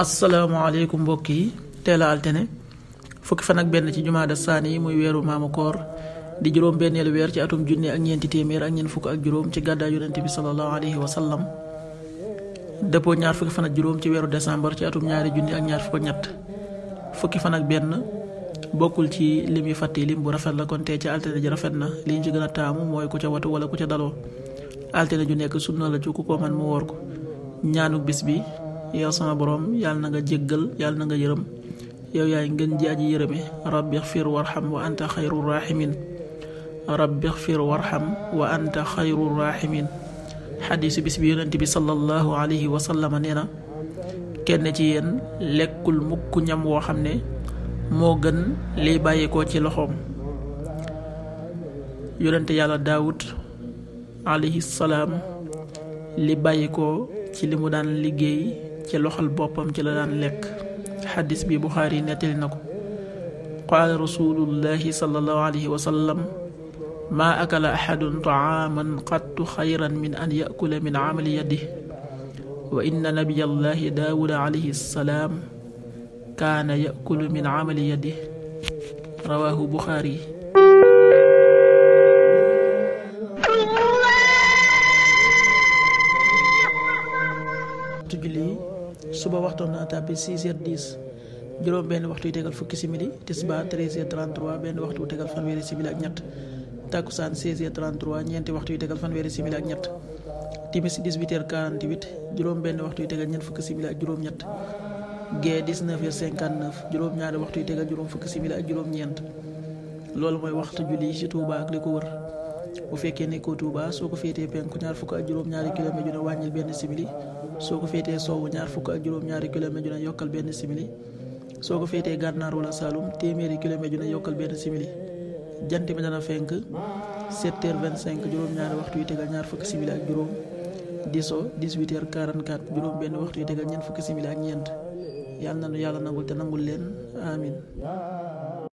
asalaamaaleykum mbokk yi teel a altine fukki fan ak benn ci jumaada saani yi muy weeru maamu koor di juróom benneelu weer ci atum junne ak ñeenti téeméer ak ñeent fukk ak juróom ci gàddaa yonente bi salallahu alayhi wa sallam dëppoo ñaar fukki fan ak juróom ci weeru décembre ci atum ñaari junne ak ñaar fukk ñett fukki fan ak benn bokkul ci lim yi fàtte lim bu rafet la kon tey ci altine ji rafet na li ñu ci gën a taamu mooy ku ca watu wala ku ca daloo altine ju nekk sunna la ci ku ko man mu woor ko ñaanu bis bi yow sama borom yàlla na nga jéggal yàlla na nga yërëm yow yaay ngeen ji yërëme rabbi xfir warxam wa anta xayru raximin rabbi xfir warxam wa anta xayru raximin xadiisu bis bi yonent bi sallallahu alayhi wa nee na kenn ci yéen lekkul mukk ñam woo xam ne moo gën liy bàyyeekoo ci loxoom yonente yàlla daawud alayhi salaam li bàyyeekoo ci li mu daan liggéey ci loxol boppam ci la daan lekk xadis bi buxaari nettali na ko qaala rasulullahi sallallahu taaman qattu xayran min an yakula min amali yadih wa inna nabiyallahi daawuda alayhi salaam kaana yakulu min amali yadih rawaahu buxaari suba waxtu na tàbbi 6h10 juróom benn waxtu yu tegal fukki simili tisbaar 13h33 benn waxtu yu tegal fanweeri simili ak ñett takkusaan 16h33 ñeenti waxtu yu tegal fanweeri simili ak ñett timis 18h48 juróom benn waxtu yu tegal ñeent fukki simili ak juróom ñett gee 19h59 juróom ñaari waxtu yu tegal juróom fukki simili ak juróom ñeent loolu mooy waxtu julli ci Touba ak li ko wër bu fekkee nekkoo Touba soo ko féetee penku ñaar fukk ak juróom-ñaari kilomètre ju ne wàññil benn simili soo ko féetee sowwu ñaar fukk ak juróom-ñaari kilomètre ju ne yokkal benn simili soo ko féetee gànnaar wala Saloum téeméeri kilomètre ju ne yokkal benn simili jant bi dana fenk 7h25 juróom-ñaari waxtu yi tegal ñaar fukki simili ak juróom di so 18h44 juróom benn waxtu yi tegal fukki simili ak ñeent yàlla na nu yàlla nangul te nangul leen amin